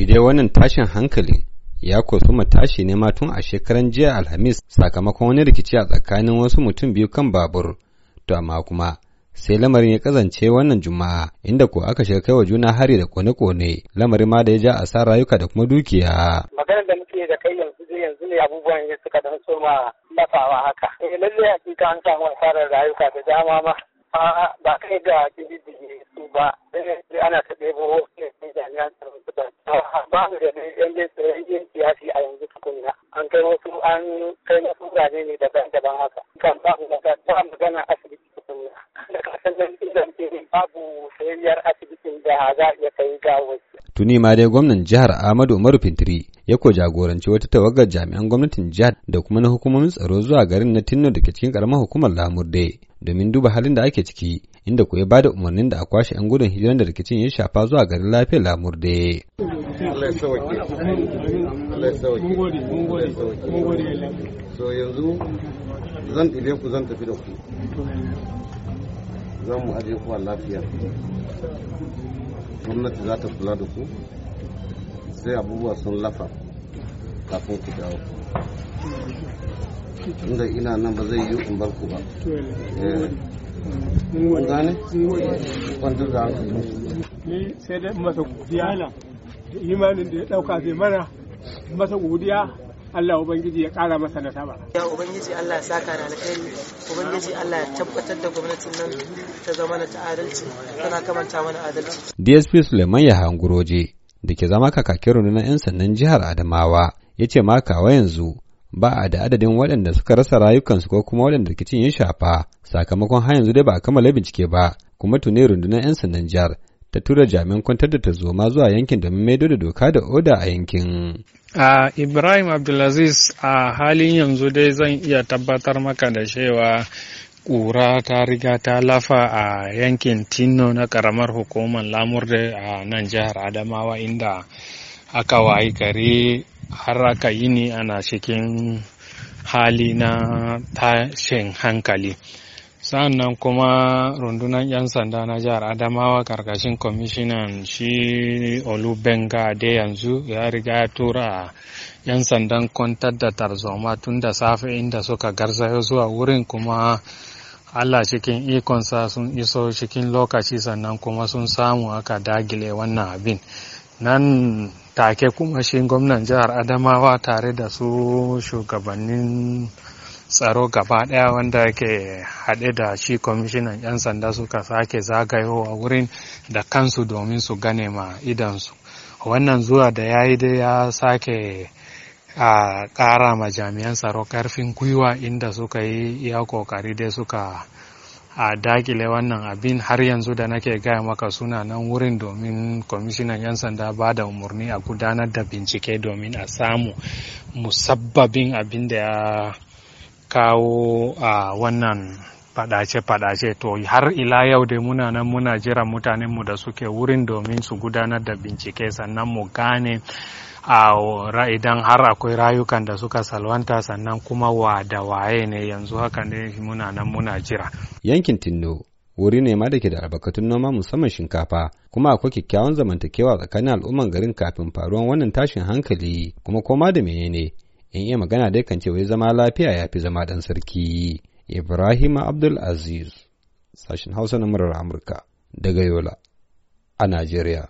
shi dai wannan tashin hankalin ya kusuma tashi ne ma tun a shekaran jiya alhamis sakamakon wani rikici a tsakanin wasu mutum biyu kan babur to amma kuma sai lamarin ya kazance wannan juma'a inda ko aka shiga kai wa juna hari da kone-kone lamarin ma da ya ja asar rayuka da kuma dukiya maganar da muke da kai yanzu yanzu ne abubuwan ya suka dan soma lafawa haka eh lalle hakika an samu asarar rayuka da dama ma ba kai ga kididdige su ba ana ta ɗebo jami'an tsaro da ba su da yan yan siyasi a yanzu tukunna an kai wasu an kai wasu gane ne daban-daban haka kan ba mu da ba magana asibiti tukunna da kasan inda muke babu sayayyar asibitin da za a iya kai gawo tuni ma dai gwamnan jihar Ahmadu Umaru Fintiri ya ko jagoranci wata tawagar jami'an gwamnatin jihar da kuma na hukumomin tsaro zuwa garin na Tinno da ke cikin karamar hukumar Lamurde domin duba halin da ake ciki inda ku ya bada umarnin da a kwashe 'yan gudun hijiran da rikicin ya shafa zuwa garin lafiyar Lamurde. so yanzu zan ɗibe ku zan tafi da ku za mu aje lafiya gwamnati za ta kula da ku sai abubuwa sun lafa kafin ku dawo inda ina nan ba zai yi in bar ku ba eh. kun gane? da hankali ne sai masa da imanin da ya ɗauka zai mana masa godiya Allah Ubangiji ya ƙara masa nasaba. Ya Ubangiji Allah ya saka da alkhairi, Ubangiji Allah ya tabbatar da gwamnatin nan ta zama na ta adalci, tana kamanta mana adalci. DSP Suleiman ya hanguroje da ke zama kakakin rundunar 'yan sannan jihar Adamawa ya ce ma kawa yanzu ba a da adadin waɗanda suka rasa rayukansu ko kuma waɗanda rikicin ya shafa sakamakon har yanzu dai ba a kammala bincike ba kuma tuni rundunar 'yan sandan jihar ta tura jami'an kwantar da ta ma zuwa yankin domin maido da doka da oda a yankin. A Ibrahim Abdulaziz a halin yanzu dai zan iya tabbatar maka da cewa ƙura ta riga ta lafa a yankin Tino na ƙaramar hukumar Lamurde a nan jihar Adamawa inda aka wayi gari har aka yi yini ana cikin hali na tashin hankali. sannan kuma rundunar 'yan sanda na jihar adamawa karkashin kwamishinan shi olubenga da yanzu ya riga ya tura 'yan sandan kwantar da tarzoma tun da safe inda suka garzayo zuwa wurin kuma allah cikin ikonsa sun iso cikin lokaci sannan kuma sun samu aka dagile wannan abin nan take kuma shi gwamnan jihar adamawa tare da su shugabannin tsaro gaba daya wanda ke haɗe da shi kwamishinan 'yan sanda suka sake zagayowa wurin da kansu domin su gane ma idansu wannan zuwa da ya yi dai ya sake a ƙara ma jami'an tsaro ƙarfin gwiwa inda suka yi iya ƙoƙari dai suka a dakile wannan abin har yanzu da nake gaya maka suna nan wurin domin kwamishinan 'yan sanda ba da umarni a gudanar da bincike domin a samu musabbabin abin da ya kawo a wannan fadace-fadace to har ila yau dai muna nan muna jiran mutanenmu da suke wurin domin su gudanar da bincike sannan mu gane a idan har akwai rayukan da suka salwanta sannan kuma wa da waye ne yanzu haka ne muna nan muna jira yankin tinno wuri ne ma da ke da albarkatun noma musamman shinkafa kuma akwai kyakkyawan zamantakewa tsakanin al'umman garin kafin faruwan wannan tashin hankali kuma koma da menene in iya magana dai kan ce wai zama lafiya ya fi zama dan sarki ibrahim abdul aziz sashen hausa na murar amurka daga yola a najeriya